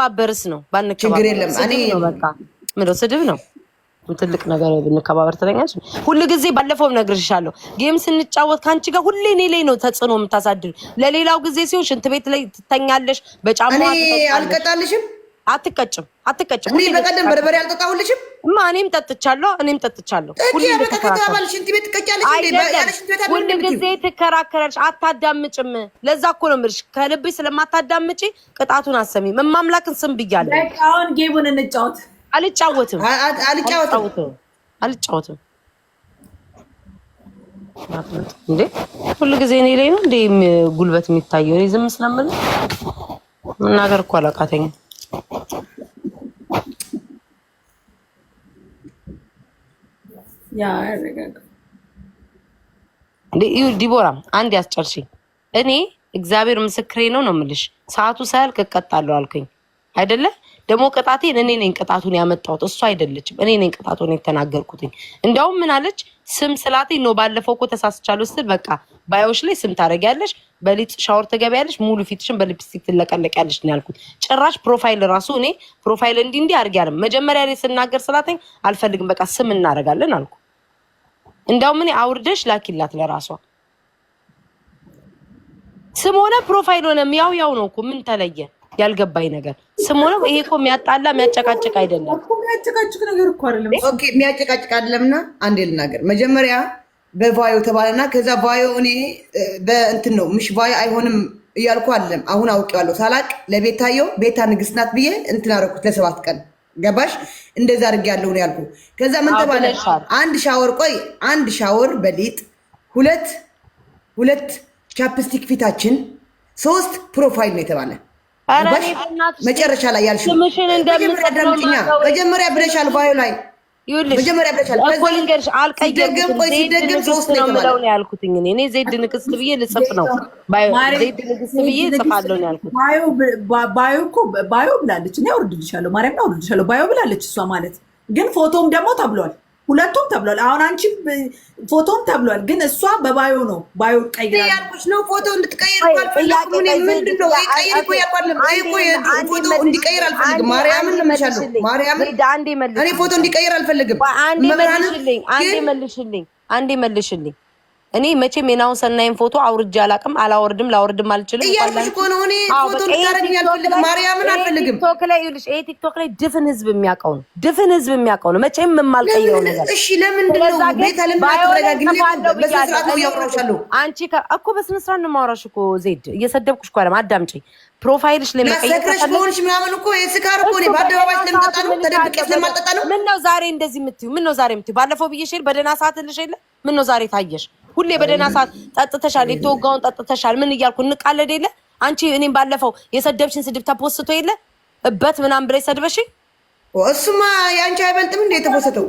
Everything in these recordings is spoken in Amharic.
ባበርስ ነው ባንከባበር የለም። ምንድን ስድብ ነው ትልቅ ነገር ብንከባበር ትለኛለች። ሁሉ ጊዜ ባለፈውም ነግርሻለሁ፣ ጌም ስንጫወት ከአንቺ ጋር ሁሌ እኔ ላይ ነው ተጽዕኖ የምታሳድር። ለሌላው ጊዜ ሲሆን ሽንት ቤት ላይ ትተኛለሽ፣ በጫማ አልቀጣልሽም አትቀጭም አትቀጭም። እኔ በቀደም በርበሬ አልጠጣሁልሽም? እማ እኔም ጠጥቻለሁ፣ እኔም ጠጥቻለሁ። ሁሉ ጊዜ ትከራከራለሽ፣ አታዳምጭም። ለዛ እኮ ነው የምልሽ፣ ከልብሽ ስለማታዳምጪ ቅጣቱን አሰሚም። እማምላክን ስም ብያለሁ። አሁን ጌቡን እንጫወት። አልጫወትም፣ አልጫወትም፣ አልጫወትም። እንዴ ሁሉ ጊዜ እኔ ላይ ነው እንዴ ጉልበት የሚታየው? እኔ ዝም ስለምል መናገር እኮ አላቃተኝም። ዲቦራ አንድ ያስጨርሽኝ። እኔ እግዚአብሔር ምስክሬ ነው ነው የምልሽ። ሰዓቱ ሳያልቅ እቀጣለሁ አልኩኝ አይደለ? ደግሞ ቅጣቴን እኔ ነኝ ቅጣቱን ያመጣሁት እሱ አይደለችም። እኔ ነኝ ቅጣቱን የተናገርኩትኝ። እንደውም ምን አለች ስም ስላቴ ነው ባለፈው እኮ ተሳስቻለሁ ስትል በቃ ባዮች ላይ ስም ታደርጊያለሽ፣ በሊጥ ሻወር ትገቢያለሽ፣ ሙሉ ፊትሽን በሊፕስቲክ ትለቀለቂያለሽ ነው ያልኩት። ጭራሽ ፕሮፋይል ራሱ እኔ ፕሮፋይል እንዲህ እንዲህ አድርጊያለሁ መጀመሪያ ላይ ስናገር ስላተኝ አልፈልግም፣ በቃ ስም እናደርጋለን አልኩ። እንደውም ምን አውርደሽ ላኪላት ለራሷ ስም ሆነ ፕሮፋይል ሆነም ያው ያው ነው እኮ ምን ተለየ? ያልገባኝ ነገር ስም ሆነ ይሄ እኮ የሚያጣላ የሚያጨቃጭቅ አይደለም። የሚያጨቃጭቅ ነገር እኮ አይደለም። ኦኬ የሚያጨቃጭቅ አይደለምና አንዴ ልናገር። መጀመሪያ በቫዮ ተባለና ከዛ ቫዮ እኔ በእንትን ነው ምሽ ቫዮ አይሆንም እያልኩ አይደለም። አሁን አውቄዋለሁ። ሳላቅ ለቤታየው ቤታ ንግስት ናት ብዬ እንትን አደረኩት ለሰባት ቀን ገባሽ? እንደዛ አድርግ ያለው ነው ያልኩ። ከዛ ምን ተባለ? አንድ ሻወር ቆይ፣ አንድ ሻወር በሊጥ ሁለት ሁለት ቻፕስቲክ ፊታችን፣ ሶስት ፕሮፋይል ነው የተባለ። መጨረሻ ላይ ያልሽ መጀመሪያ ብለሻል ባዩ ላይ መጀመሪያ ብለሻል። ነው ያልኩት። እኔ ዜድ ብዬ ልጽፍ ነው ዜድ ጽፋለሁ ያልኩት። ባዮ ባዮ ብላለች። እኔ አውርድልሻለሁ፣ ማርያም አውርድልሻለሁ። ባዮ ብላለች እሷ ማለት ግን ፎቶም ደግሞ ተብሏል። ሁለቱም ተብሏል። አሁን አንቺ ፎቶም ተብሏል፣ ግን እሷ በባዮ ነው ባዮ ቀይራ ነው። ፎቶ እንድትቀይር አልፈልግም። እንዲቀይር አልፈልግም። ማርያምን ፎቶ እንዲቀይር አልፈልግም። አንዴ መልሽልኝ፣ አንዴ መልሽልኝ፣ አንዴ አንዴ መልሽልኝ አንዴ መልሽልኝ እኔ መቼ ሜናውን ሰናይን ፎቶ አውርጄ አላውቅም፣ አላወርድም፣ ላወርድም አልችልም። እያልኩሽ እኮ ነው። እኔ ፎቶ እንድታረግኝ ያልፈልግ ማርያምን አልፈልግም። ይሄ ቲክቶክ ላይ ድፍን ህዝብ የሚያውቀው ነው። ድፍን ህዝብ የሚያውቀው ነው። መቼም የማልቀየው ነገር። እሺ፣ ለምንድን ነው ቤታ? ለምን ነው እያወራሻለሁ። አንቺ እኮ በስነ ስርዓት ነው የማወራሽ እኮ ዜድ፣ እየሰደብኩሽ እኮ አለም። አዳምጪኝ ፕሮፋይልሽ ለመቀየሰክረሽ ሆንሽ ምናምን እኮ የስካር እኮ እኔ በአደባባይ ስለምጠጣ ነው ተደብቄ ስለማልጠጣ ነው። ምን ነው ዛሬ እንደዚህ የምትይው? ምን ነው ዛሬ የምትይው? ባለፈው ብዬሽ የለ በደህና ሰዓት ልሽ የለ ምን ነው ዛሬ ታየሽ? ሁሌ በደህና ሰዓት ጠጥተሻል፣ የተወጋውን ጠጥተሻል፣ ምን እያልኩ እንቃለድ የለ አንቺ እኔም ባለፈው የሰደብሽን ስድብ ተፖስቶ የለ እበት ምናምን ብለሽ ሰድበሽ እሱማ የአንቺ አይበልጥም እንዴ? የተፖሰተው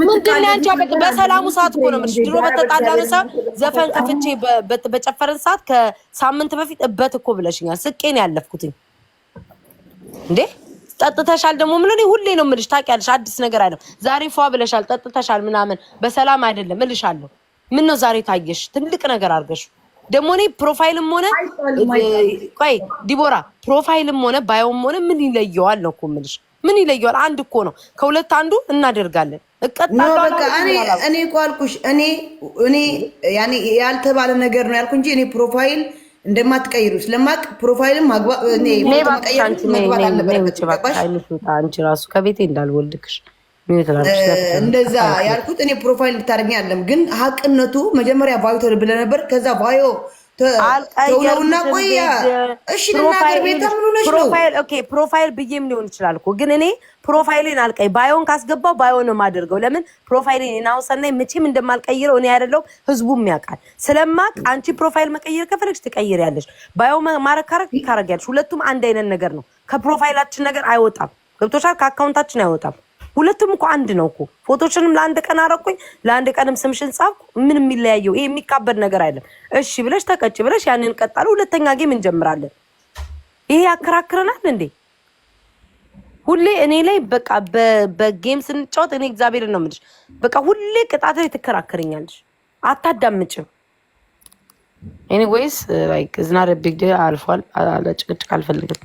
ምንድን ነው? የአንቺ አይበልጥም። በሰላሙ ሰዓት እኮ ነው የምልሽ። ድሮ በተጣላን ሰዓት ዘፈን ከፍቼ በጨፈረን ሰዓት ከሳምንት በፊት እበት እኮ ብለሽኛል። ስቄ ነው ያለፍኩትኝ እንዴ? ጠጥተሻል ደግሞ ምን ሆነ? ሁሌ ነው የምልሽ። ታውቂያለሽ፣ አዲስ ነገር አይደለም። ዛሬ ፏ ብለሻል፣ ጠጥተሻል ምናምን በሰላም አይደለም እልሻለሁ። ምን ነው ዛሬ ታየሽ? ትልቅ ነገር አድርገሽ ደግሞ እኔ ፕሮፋይልም ሆነ ቆይ ዲቦራ ፕሮፋይልም ሆነ ባዮም ሆነ ምን ይለየዋል ነው እኮ የምልሽ። ምን ይለየዋል? አንድ እኮ ነው። ከሁለት አንዱ እናደርጋለን። እኔ እኮ አልኩሽ እኔ እኔ ያኔ ያልተባለ ነገር ነው ያልኩ እንጂ እኔ ፕሮፋይል እንደማትቀይሩ ስለማቅ ፕሮፋይልም ማግባት መግባት አለበት። አንቺ ራሱ ከቤቴ እንዳልወልድክሽ እንደዛ ያልኩት እኔ ፕሮፋይል ልታደርገኝ አለም፣ ግን ሀቅነቱ መጀመሪያ ቫዮ ብለህ ነበር። ከዛ ቫዮ ተውለውና ቆያ እሺ፣ ልናገር ቤታ ምን ሆነሽ ነው? ፕሮፋይል ብዬም ሊሆን ይችላል እኮ ግን እኔ ፕሮፋይልን አልቀይ ባዮን ካስገባው ባዮ ነው ማድርገው ለምን ፕሮፋይልን እናውሰና መቼም እንደማልቀይረው እኔ አይደለሁም ህዝቡም ያውቃል። ስለማቅ አንቺ ፕሮፋይል መቀየር ከፈለግሽ ትቀይር ያለሽ ባዮ ማረካረክ ካረግ ካረግ ሁለቱም አንድ አይነት ነገር ነው። ከፕሮፋይላችን ነገር አይወጣም። ገብቶሻል? ከአካውንታችን አይወጣም። ሁለቱም እኮ አንድ ነው እኮ። ፎቶችንም ለአንድ ቀን አረኩኝ፣ ለአንድ ቀንም ስምሽን ጻፍኩ። ምን የሚለያየው? ይሄ የሚካበድ ነገር አይደለም። እሺ ብለሽ ተቀጭ ብለሽ ያንን ቀጣሉ። ሁለተኛ ጌም እንጀምራለን። ይሄ ያከራክረናል እንዴ? ሁሌ እኔ ላይ በቃ በጌም ስንጫወት እኔ እግዚአብሔር ነው የምልሽ። በቃ ሁሌ ቅጣት ላይ ትከራከርኛለሽ፣ አታዳምጭም። ኤኒዌይስ ላይክ ቢግ አልፏል። ጭቅጭቅ አልፈልግም።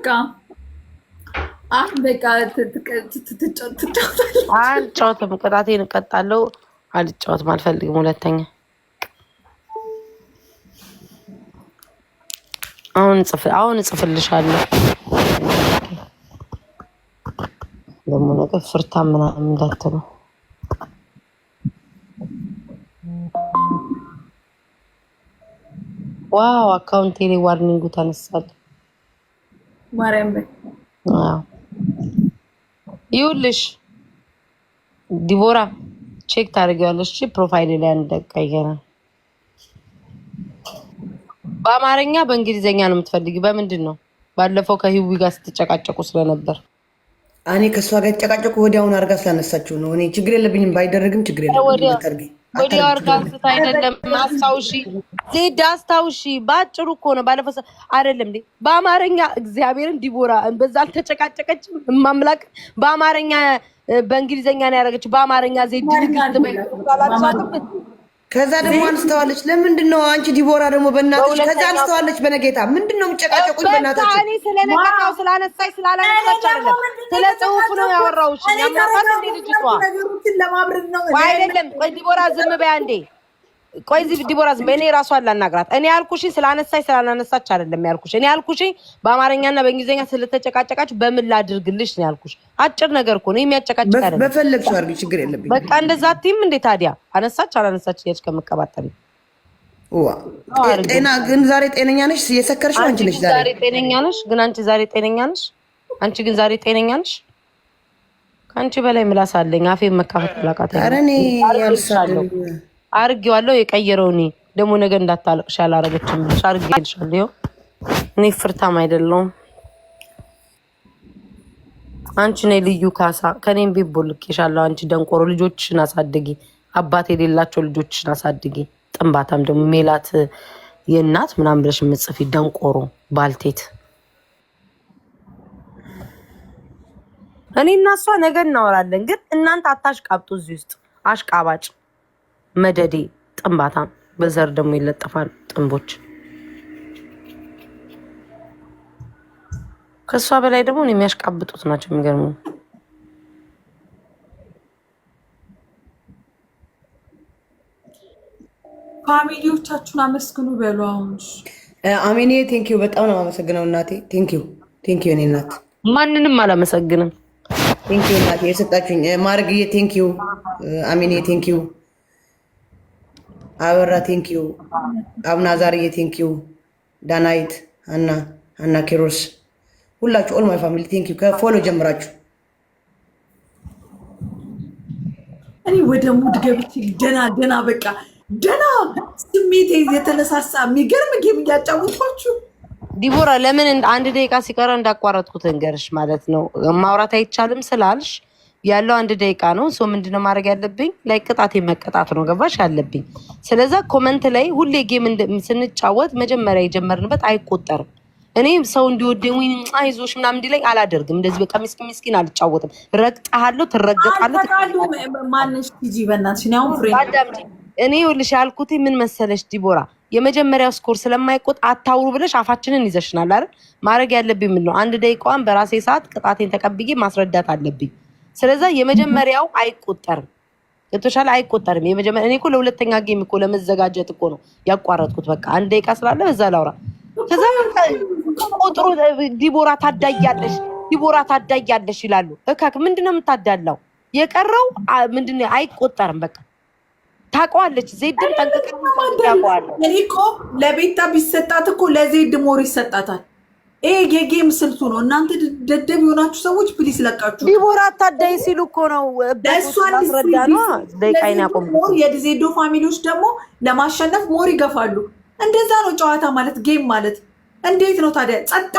በቃ አሁን በቃ ትጫወታለህ። አልጫወትም፣ ቅጣቴን እቀጣለሁ። አልጫወትም፣ አልፈልግም። ሁለተኛ አሁን ጽፍ አሁን እጽፍልሻለሁ። ደግሞ ነገር ፍርታ ምናምን እንዳትሉ ዋው አካውንቴ ላይ ዋርኒንጉ ተነሳል። ማርያም ይኸውልሽ ዲቦራ ቼክ ታደርጊዋለሽ። ፕሮፋይል ላይ አንደቀየረ በአማርኛ በእንግሊዘኛ ነው የምትፈልጊ? በምንድን ነው? ባለፈው ከህዊ ጋር ስትጨቃጨቁ ስለነበር እኔ ከእሷ ጋር የተጨቃጨቁ ወዲያውኑ አድርጋ ስላነሳችሁ ነው። እኔ ችግር የለብኝም፣ ባይደረግም ችግር የለብኝም። ወዲያ ወርጋ አንስታ አይደለም አስታውሺ፣ ዜድ አስታውሺ። ባጭሩ እኮ ነው ባለፈው አይደለም እንዴ በአማርኛ እግዚአብሔርን ዲቦራ በዛ አልተጨቃጨቀችም። ማምላክ በአማርኛ በእንግሊዘኛ ነው ያደረገችው። በአማርኛ ዜድ ንግስት ከዛ ደግሞ አንስተዋለች። ለምንድን ነው አንቺ ዲቦራ ደግሞ በእናትሽ ከዛ አንስተዋለች። በነጌታ ምንድን ነው የምጨቃጨቁኝ? በእናትሽ እኔ ስለነገታው ስላላነሳች አይደለም፣ ስለ ጽሁፍ ነው ያወራውሽ። ያማባት እንዴ ልጅቷ አይደለም። ዲቦራ ዝም በያ እንዴ ቆይ እዚህ ዲቦራ ዝም በይ። እኔ ራሷ አላናግራት። እኔ ያልኩሽኝ ስላነሳሽ ስላላነሳች አይደለም ያልኩሽ። እኔ ያልኩሽኝ በአማርኛና በእንግሊዝኛ ስለተጨቃጨቃች በምን ላድርግልሽ ነው ያልኩሽ። አጭር ነገር እኮ ነው የሚያጨቃጭቅ አይደለም። በፈለግሽው አድርጊ፣ ችግር የለብኝ። በቃ እንደዛ አትይም እንዴ ታዲያ? አነሳች አላነሳች እያልሽ ከምቀባጠሪ ጤና ግን ዛሬ ጤነኛ ነሽ? እየሰከርሽ ነው አንቺ ነሽ ዛሬ ጤነኛ ነሽ? ግን አንቺ ዛሬ ጤነኛ ነሽ? አንቺ ግን ዛሬ ጤነኛ ነሽ? ከአንቺ በላይ ምላስ አለኝ። አፌን መካፈት ላቃታ። ኧረ ያልሳለሁ አርጌዋለሁ። የቀየረው እኔ ደግሞ ነገ እንዳታለቅሽ አላረገችም ብለሽ አርጌልሻለሁ። እኔ ፍርታም አይደለሁም። አንቺ ነይ ልዩ ካሳ። ከኔም ቤት ቦልኬሻለሁ። አንቺ ደንቆሮ ልጆችሽን አሳድጊ። አባት የሌላቸው ልጆችሽን አሳድጊ። ጥንባታም ደግሞ ሜላት የእናት ምናምን ብለሽ የምጽፊ ደንቆሮ ባልቴት። እኔ እና እሷ ነገ እናወራለን፣ ግን እናንተ አታሽቃብጡ። እዚህ ውስጥ አሽቃባጭ መደዴ ጥንባታ በዘር ደግሞ ይለጠፋል። ጥንቦች ከእሷ በላይ ደግሞ የሚያሽቃብጡት ናቸው የሚገርሙ። ፋሚሊዎቻችሁን አመስግኑ በሉ። አሁን አሜኔ ቴንኪዩ፣ በጣም ነው የማመሰግነው እናቴ። ቴንኪዩ ቴንኪዩ። እኔ እናት ማንንም አላመሰግንም። ቴንኪዩ እናቴ የሰጣችሁኝ ማድረግዬ። ቴንኪዩ አሜኔ ቴንኪዩ አበራ ቴንኪዩ፣ አብናዛርዬ ቴንኪዩ፣ ዳናይት አና አና ኪሮስ ሁላችሁ ኦል ማይ ፋሚሊ ቴንኪዩ። ከፎሎ ጀምራችሁ እኔ ወደ ሙድ ገብቼ ደና ደና በቃ ደና ስሜት የተነሳሳ የሚገርም ጌም እያጫወትኳችሁ። ዲቦራ ለምን አንድ ደቂቃ ሲቀረ እንዳቋረጥኩት እንገርሽ ማለት ነው ማውራት አይቻልም ስላልሽ ያለው አንድ ደቂቃ ነው። ሶ ምንድነው ማድረግ ያለብኝ? ላይ ቅጣት መቀጣት ነው ገባሽ አለብኝ። ስለዛ ኮመንት ላይ ሁሌ ጌም ስንጫወት መጀመሪያ የጀመርንበት አይቆጠርም። እኔ ሰው እንዲወደኝ ወይ አይዞሽ ምናምን እንዲለኝ አላደርግም። እንደዚህ በቃ ምስኪን ምስኪን አልጫወትም። ረግጠሃለሁ፣ ትረገጣለህ። ማነሽ እኔ ይኸውልሽ ያልኩት ምን መሰለሽ ዲቦራ፣ የመጀመሪያው ስኮር ስለማይቆጥ አታውሩ ብለሽ አፋችንን ይዘሽናል አይደል? ማድረግ ያለብኝ ምን ነው አንድ ደቂቃዋን በራሴ ሰዓት ቅጣቴን ተቀብዬ ማስረዳት አለብኝ። ስለዛ የመጀመሪያው አይቆጠርም። የተሻለ አይቆጠርም። የመጀመሪያ እኔ እኮ ለሁለተኛ ጌም እኮ ለመዘጋጀት እኮ ነው ያቋረጥኩት። በቃ አንድ ደቂቃ ስላለ በዛ ላውራ። ከዛ ቁጥሩ ዲቦራ ታዳያለሽ፣ ዲቦራ ታዳያለሽ ይላሉ። እካክ ምንድነው የምታዳላው? የቀረው ምንድነው? አይቆጠርም። በቃ ታውቀዋለች። ዜድም ጠንቅቀ ታውቀዋለች። እኔ እኮ ለቤታ ቢሰጣት እኮ ለዜድ ሞር ይሰጣታል። ይሄ የጌም ስልቱ ነው። እናንተ ደደብ የሆናችሁ ሰዎች ፕሊስ ለቃችሁ። ዲቦራ አታዳይ ሲሉ እኮ ነው የዲዜዶ ፋሚሊዎች ደግሞ ለማሸነፍ ሞር ይገፋሉ። እንደዛ ነው ጨዋታ ማለት ጌም ማለት እንዴት ነው ታዲያ? ጸጥ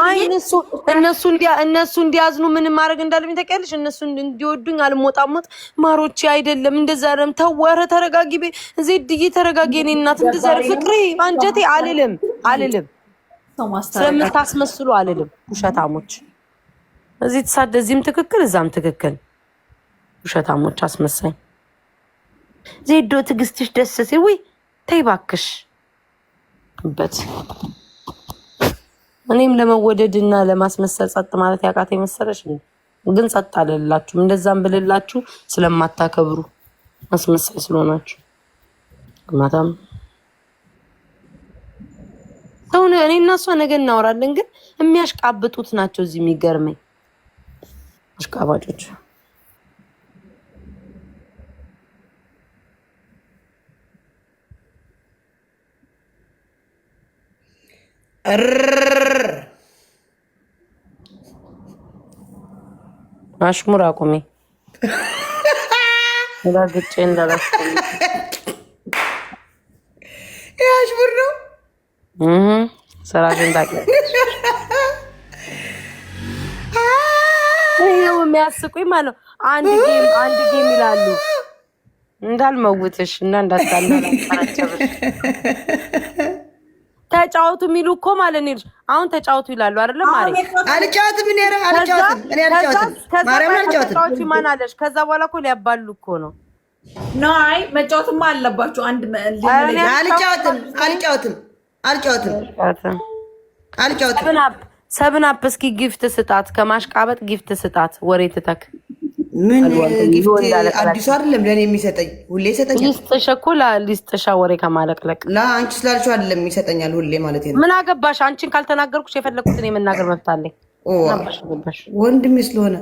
እነሱ እንዲያዝኑ ምንም ማድረግ እንዳለብኝ ታውቂያለሽ። እነሱ እንዲወዱኝ አልሞጣሞጥ ማሮቼ። አይደለም እንደዛ አይደለም። ተው ተረጋጊ፣ ዜድዬ ተረጋጊ። እኔ እናት እንደዛ ፍቅሬ አንጀቴ አልልም አልልም ስለምታስመስሉ አልልም። ውሸታሞች እዚህ ተሳደ እዚህም ትክክል እዛም ትክክል። ውሸታሞች አስመሳኝ። ዜዶ ትዕግስትሽ ደስ ሲል ውይ ተይ እባክሽ በት እኔም ለመወደድ እና ለማስመሰል ጸጥ ማለት ያቃተ የመሰለሽ ግን ጸጥ አለላችሁም። እንደዛም ብልላችሁ ስለማታከብሩ አስመሳይ ስለሆናችሁ ማታም አሁን እኔ እና እሷ ነገ እናወራለን፣ ግን የሚያሽቃብጡት ናቸው እዚህ የሚገርመኝ አሽቃባጮች። አሽሙር አቁሚ ላግጬ እንዳላሽ አሽሙር ነው። ስራ ግን ታውቂያለሽ። የሚያስቁኝ ማለት አንድ ጌም አንድ ጌም ይላሉ እንዳልመውትሽ እና ተጫወቱ የሚሉ እኮ ማለት ነው። አሁን ተጫወቱ ይላሉ አይደለም? አልጫወትም እኔ አልጫወትም አልጫወትም ማን አለሽ? ከዛ በኋላ እኮ ሊያባሉ እኮ ነው። መጫወትማ አለባችሁ። አንድ አልጫወትም አልጫወትም አልጫወትም አልጫወትም። ሰብን አፕ እስኪ ጊፍት ስጣት፣ ከማሽቃበጥ ጊፍት ስጣት። ወሬ ትተክ ምን ጊፍት አዲሱ አይደለም ለእኔ የሚሰጠኝ ሁሌ ይሰጠኝ። ሊስጥሽ እኮ ሊስጥሻ ወሬ ከማለቅለቅ አይደለም ይሰጠኛል ሁሌ ማለት ነው። ምን አገባሽ? አንቺን ካልተናገርኩሽ የፈለግኩትን የመናገር መብት አለኝ ወንድሜ ስለሆነ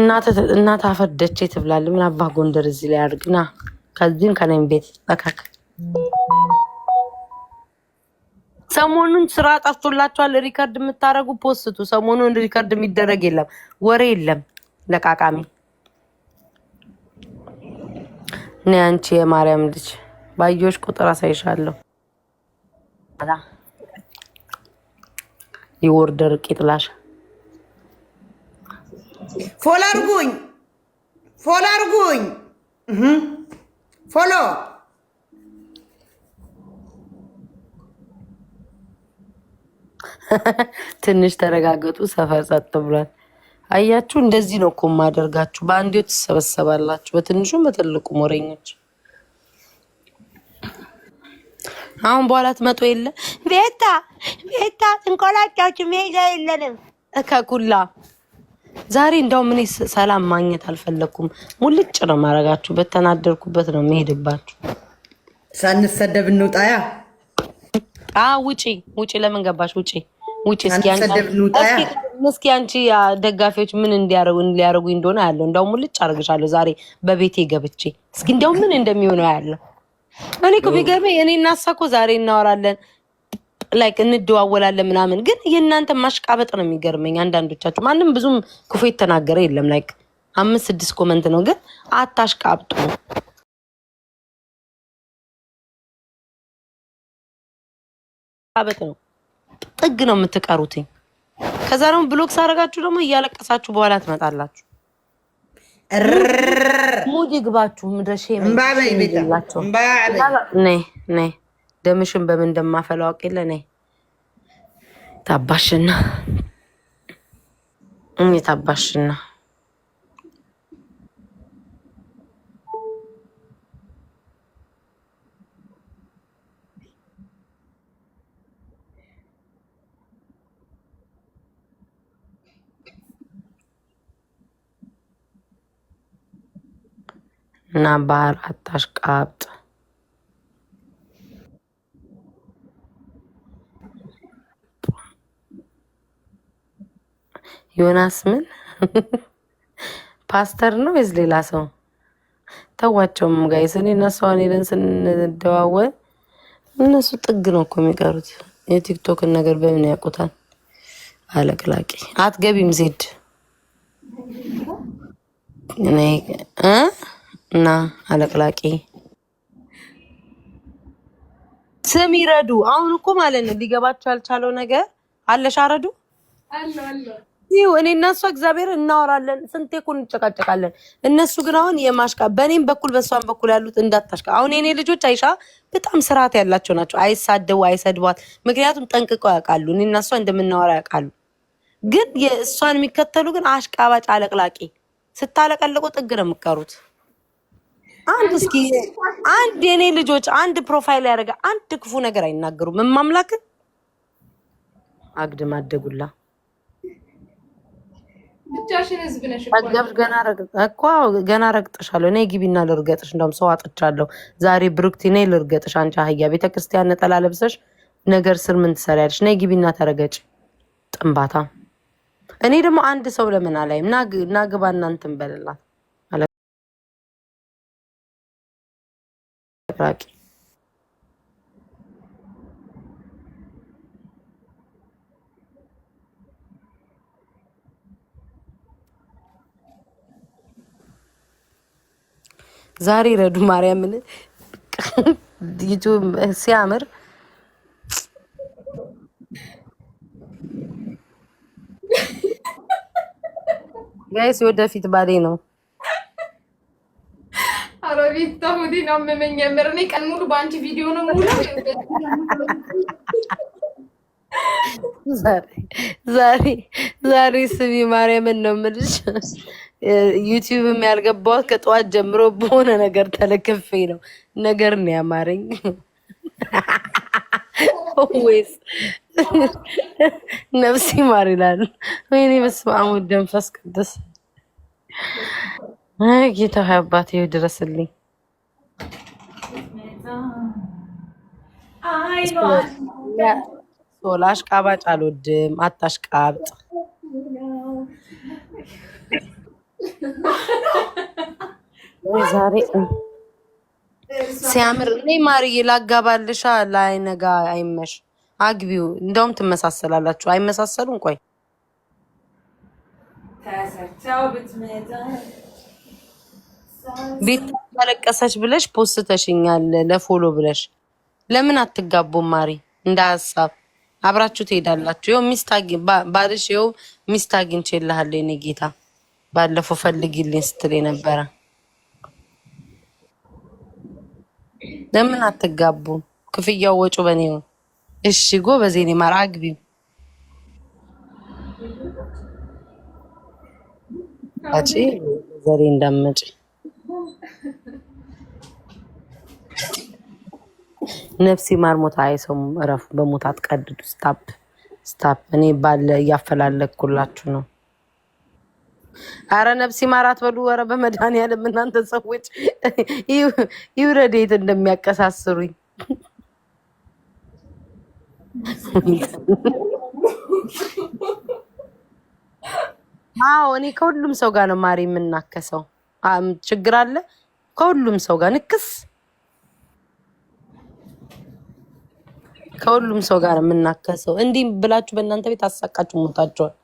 እናት ትብላለች። ምን አባ ጎንደር እዚህ ላይ አድርግና ከዚህም ከኔም ቤት በካክ ሰሞኑን ስራ ጠፍቶላችኋል። ሪከርድ የምታደርጉ ፖስቱ። ሰሞኑን ሪከርድ የሚደረግ የለም፣ ወሬ የለም። ለቃቃሚ እኔ አንቺ የማርያም ልጅ ባየሁሽ ቁጥር አሳይሻለሁ። ይወርደር ቂጥላሽ ፎሎ አድርጉኝ፣ ፎሎ ፎሎ ትንሽ ተረጋገጡ። ሰፈር ጸጥ ብሏል። አያችሁ፣ እንደዚህ ነው እኮ የማደርጋችሁ። በአንዴው ትሰበሰባላችሁ፣ በትንሹም በትልቁ ሞረኞች። አሁን በኋላ ትመጡ የለ ቤታ ቤታ እንቆላጫችሁ ሜዛ የለንም ከኩላ ዛሬ እንደው ምን ሰላም ማግኘት አልፈለኩም። ሙልጭ ነው ማረጋችሁ። በተናደርኩበት ነው የምሄድባችሁ። ሳንሰደብ እንውጣያ። ውጪ ውጪ፣ ለምን ገባሽ? ውጪ ውጭ እስኪ አንቺ ደጋፊዎች ምን ሊያደርጉ እንደሆነ ያለው እንደውም ልጭ አርግሻለሁ። ዛሬ በቤቴ ገብቼ እስኪ እንደው ምን እንደሚሆነው ያለው እኔ እኮ ቢገርመኝ እኔ እናሳ እኮ ዛሬ እናወራለን ላይክ እንደዋወላለን ምናምን፣ ግን የእናንተ ማሽቃበጥ ነው የሚገርመኝ። አንዳንዶቻችሁ ማንም ብዙም ክፉ የተናገረ የለም ላይክ አምስት ስድስት ኮመንት ነው፣ ግን አታሽቃብጡ። ነው ጥግ ነው የምትቀሩትኝ። ከዛ ደግሞ ብሎክ ሳረጋችሁ ደግሞ እያለቀሳችሁ በኋላ ትመጣላችሁ። ሙድ ይግባችሁ። ምድረሽ ላቸው ደምሽን በምን እንደማፈለው አውቅ የለ ነይ ታባሽና እኔ ታባሽና እና ባህር አታሽቃብጥ። ዮናስ ምን ፓስተር ነው ወይስ ሌላ ሰው? ተዋቸውም ጋይስ። እኔ እና እሷ ሄደን ስንደዋወል እነሱ ጥግ ነው እኮ የሚቀሩት። የቲክቶክን ነገር በምን ያውቁታል? አለቅላቂ አትገቢም ዜድ እና አለቅላቂ ስም ይረዱ። አሁን እኮ ማለት ነው ሊገባቸው ያልቻለው ነገር አለሽ አረዱ ይው እኔ እና እሷ እግዚአብሔር እናወራለን፣ ስንቴ እኮ እንጨቃጨቃለን። እነሱ ግን አሁን የማሽቃ በእኔም በኩል በእሷም በኩል ያሉት እንዳታሽቃ። አሁን የኔ ልጆች አይሻ በጣም ስርዓት ያላቸው ናቸው። አይሳደቡ፣ አይሰድቧት። ምክንያቱም ጠንቅቀው ያውቃሉ፣ እኔ እና እሷ እንደምናወራ ያውቃሉ። ግን የእሷን የሚከተሉ ግን አሽቃባጭ አለቅላቂ ስታለቀለቁ ጥግ ነው የምቀሩት። አንድ እስኪ አንድ የኔ ልጆች አንድ ፕሮፋይል ያደረገ አንድ ክፉ ነገር አይናገሩም። እማምላክን አግድም አደጉላ ገብሽ ገና እኮ ገና ረግጥሻለሁ። እኔ ግቢና ልርገጥሽ። እንደውም ሰው አጥቻለሁ ዛሬ ብሩክቲ። እኔ ልርገጥሽ። አንቺ አህያ ቤተክርስቲያን ነጠላ ለብሰሽ ነገር ስር ምን ትሰሪያለሽ? እኔ ግቢና ተረገጭ ጥንባታ። እኔ ደግሞ አንድ ሰው ለምን አላይም? ናግባ እናንትን በልላት ጠባቂ ዛሬ ረዱ ማርያምን ዩቱብ ሲያምር ጋይስ፣ ወደፊት ባሌ ነው። በቤት ታሁዲ ነው አመመኝ። የምር እኔ ቀን ሙሉ በአንቺ ቪዲዮ ነው ሙሉ ዛሬ ዛሬ ስሚ ማርያምን ነው የምልሽ። ዩቲዩብም ያልገባሁት ከጠዋት ጀምሮ በሆነ ነገር ተለክፌ ነው። ነገር ነው ያማረኝ። ወይስ ነፍሲ ማር ይላሉ። ወይኔ በስመ አብ ወመንፈስ ቅዱስ ጌታ አባቴ ድረስልኝ። ሶላ አሽቃባጭ አልወድም። አታሽቃብጥ። ዛሬ ሲያምር እኔ ማርዬ ላጋባልሻ። ላይነጋ አይመሽ አግቢው። እንደውም ትመሳሰላላችሁ። አይመሳሰሉም? ቆይ ቤት ተለቀሰች ብለሽ ፖስተሽኛል ለፎሎ ብለሽ ለምን አትጋቡም? ማሪ እንደ ሀሳብ አብራችሁ ትሄዳላችሁ። ይኸው ሚስት ባልሽ ይኸው ሚስት አግኝቼልሃለሁ የእኔ ጌታ ባለፈው ፈልግልኝ ስትል ነበረ። ለምን አትጋቡም? ክፍያው ወጪ በኔ ነው። እሺ ጎበዜ፣ እኔ ማር አግቢው አጪ ዘሬ እንዳመጪ ነፍሴ ማርሞታ ሞታ አይሰሙም። እረፉ። በሞታ አትቀድዱ። ስታፕ ስታፕ። እኔ ባለ እያፈላለግኩላችሁ ነው። አረ ነፍሲ ማራት በሉ። ወረ በመድኃኒዓለም እናንተ ሰዎች ይውረዴት እንደሚያቀሳስሩኝ አዎ እኔ ከሁሉም ሰው ጋር ነው ማሪ የምናከሰው። ችግር አለ ከሁሉም ሰው ጋር ንክስ ከሁሉም ሰው ጋር የምናከሰው እንዲህ ብላችሁ በእናንተ ቤት አሳቃችሁ ሞታችኋል።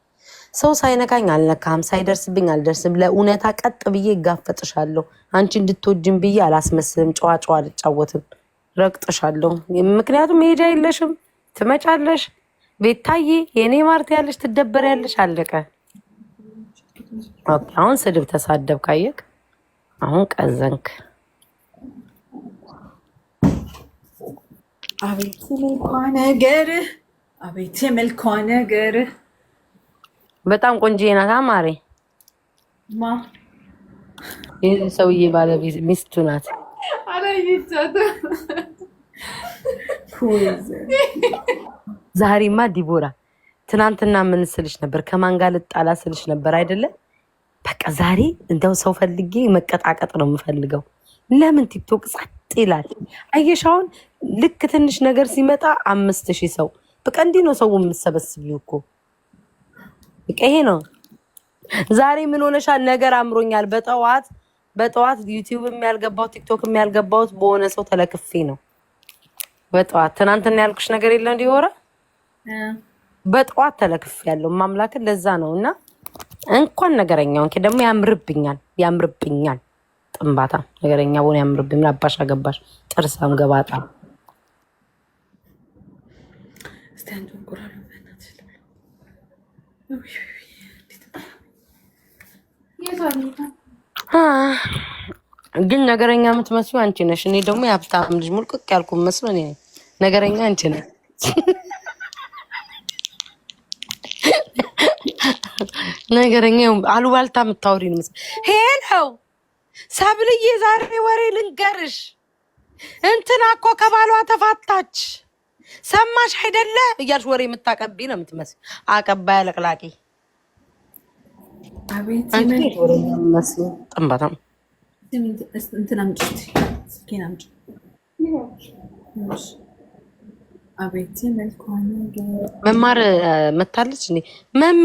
ሰው ሳይነካኝ አልነካም፣ ሳይደርስብኝ አልደርስም። ለእውነታ ቀጥ ብዬ እጋፈጥሻለሁ። አንቺ እንድትወጅም ብዬ አላስመስልም። ጨዋጨዋ አልጫወትም፣ ረግጥሻለሁ። ምክንያቱም መሄጃ የለሽም። ትመጫለሽ፣ ቤታዬ የእኔ ማርት ያለሽ፣ ያለሽ አለቀ። አሁን ስድብ ተሳደብ ካየክ፣ አሁን ቀዘንክ። አቤት ነገር፣ አቤት ነገር። በጣም ቆንጆ ናት። አማሬ ማ ይህ ሰውዬ ባለቤት ሚስቱ ናት። ዛሬማ ዲቦራ ትናንትና ምን ስልሽ ነበር? ከማን ጋር ልጣላ ስልሽ ነበር አይደለ? በቃ ዛሬ እንደው ሰው ፈልጌ መቀጣቀጥ ነው የምፈልገው። ለምን ቲክቶክ ጸጥ ይላል? አየሻውን ልክ ትንሽ ነገር ሲመጣ አምስት ሺህ ሰው በቃ እንዲህ ነው ሰው የምትሰበስቢው እኮ በቃ ይሄ ነው። ዛሬ ምን ሆነሻል? ነገር አምሮኛል። በጠዋት በጠዋት ዩቲዩብ የሚያልገባው ቲክቶክ የሚያልገባውት በሆነ ሰው ተለክፌ ነው። በጠዋት ትናንትና ያልኩሽ ነገር የለ እንዲወራ በጠዋት ተለክፌ ያለው ማምላክን ለዛ ነው። እና እንኳን ነገረኛውን ደግሞ ያምርብኛል ያምርብኛል ጥንባታ ነገረኛ ቦን ያምርብኝ። ምን አባሽ አገባሽ? ጥርሳም ገባጣ ግን ነገረኛ የምትመስሉ አንቺ ነሽ። እኔ ደግሞ የሀብታም ልጅ ሙልቅቅ ያልኩ መስሎ እኔ ነገረኛ አንቺ ነ ነገረኛ አሉባልታ የምታወሪን መስሎ ሄለው ሰብልዬ ዛሬ ወሬ ልንገርሽ፣ እንትና እኮ ከባሏ ተፋታች ሰማሽ አይደለ እያልሽ ወሬ የምታቀቢ ነው የምትመስል። አቀባይ አለቅላቂ ጠንባታም መማር መታለች። መሚ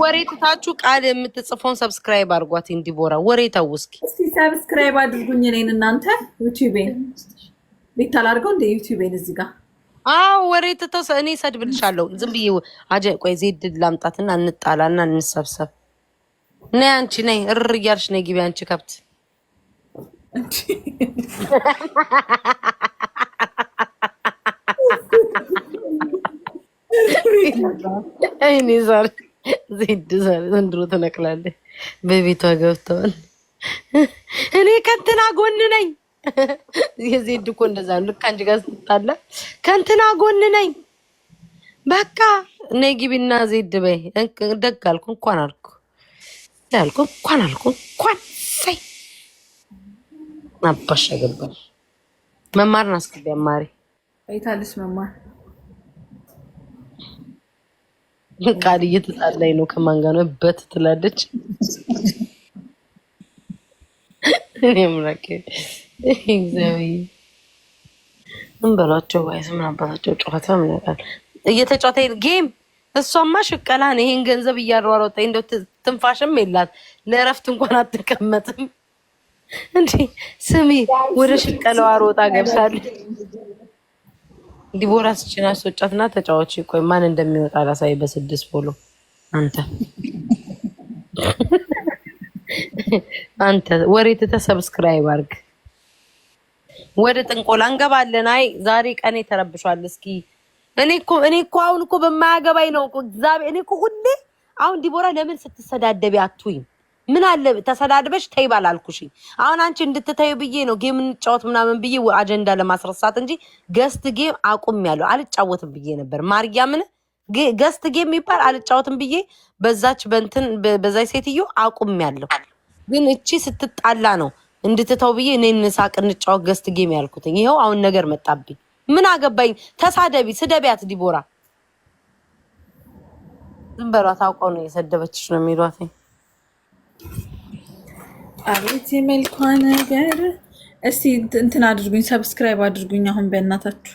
ወሬ ትታችሁ ቃል የምትጽፈውን ሰብስክራይብ አድርጓት። እንዲቦራ ወሬ ተው እስኪ ሰብስክራይብ አድርጉኝ እኔን እናንተ ዩቲዩቤን ቤታል አድርገው እንደ ዩቲዩቤን እዚህ ጋር አዎ ወሬ ትተው እኔ ሰድብልሻለሁ። ዝም ብዬ አጀ ቆይ ዜድ ላምጣትና እንጣላና እንሰብሰብ። ነይ አንቺ ነይ እር እያልሽ ነይ ግቢ አንቺ ከብት አይኔ ዛሬ ዜድ ዛሬ ዘንድሮ ትነቅላለች። በቤቷ ገብተዋል። እኔ ከንትና ጎን ነኝ። የዜድ እኮ እንደዛ ነው። ልክ አንቺ ጋር ስትጣላ ከንትና ጎን ነኝ። በቃ ነይ ግቢና ዜድ በይ። ደግ አልኩ እንኳን አልኩ ያልኩ እንኳን አልኩ እንኳን ሳይ አባሽ ገባሽ መማርን አስገቢ አማሪ ይታልሽ መማር ቃል እየተጣላኝ ነው። ከማን ጋር ነው? በት ትላለች። ምራቄ እግዚአብሔር ወይስ ምን አባታቸው ጨዋታ ምን ያውቃል? እየተጫወተ ጌም እሷማ ሽቀላን ይሄን ገንዘብ እያሯሯጠ እንደ ትንፋሽም የላት ለእረፍት እንኳን አትቀመጥም። እንዴ ስሚ፣ ወደ ሽቀላዋ ሮጣ ገብሳለች። ዲቦራስ ችና አስወጫትና ተጫዋች። ቆይ ማን እንደሚወጣ አላሳይ። በስድስት ቦሎ አንተ አንተ ወሬ ትተህ ሰብስክራይብ አድርግ። ወደ ጥንቆላ እንገባለን። አይ ዛሬ ቀኔ ተረብሿል። እስኪ እኔ እኮ እኔ እኮ አሁን እኮ በማያገባኝ ነው እኮ እግዚአብሔር። እኔ እኮ ሁሌ አሁን ዲቦራ ለምን ስትሰዳደቢ አትይም ምን አለ ተሰዳድበሽ ተይባል አልኩሽ። አሁን አንቺ እንድትተዩ ብዬ ነው ጌም እንጫወት ምናምን ብዬ አጀንዳ ለማስረሳት እንጂ ገስት ጌም አቁም ያለው አልጫወትም ብዬ ነበር። ማርያምን ገስት ጌም የሚባል አልጫወትም ብዬ በዛች በንትን በዛች ሴትዮ አቁም ያለው ግን እቺ ስትጣላ ነው እንድትተው ብዬ እኔ እንሳቅ እንጫወት ገስት ጌም ያልኩትኝ። ይኸው አሁን ነገር መጣብኝ። ምን አገባኝ? ተሳደቢ፣ ስደቢያት ዲቦራ ዝም በሏት። አውቀው ነው የሰደበችሽ ነው የሚሏትኝ። አቤት የመልኳ ነገር! እስቲ እንትን አድርጉኝ፣ ሰብስክራይብ አድርጉኝ። አሁን በእናታችሁ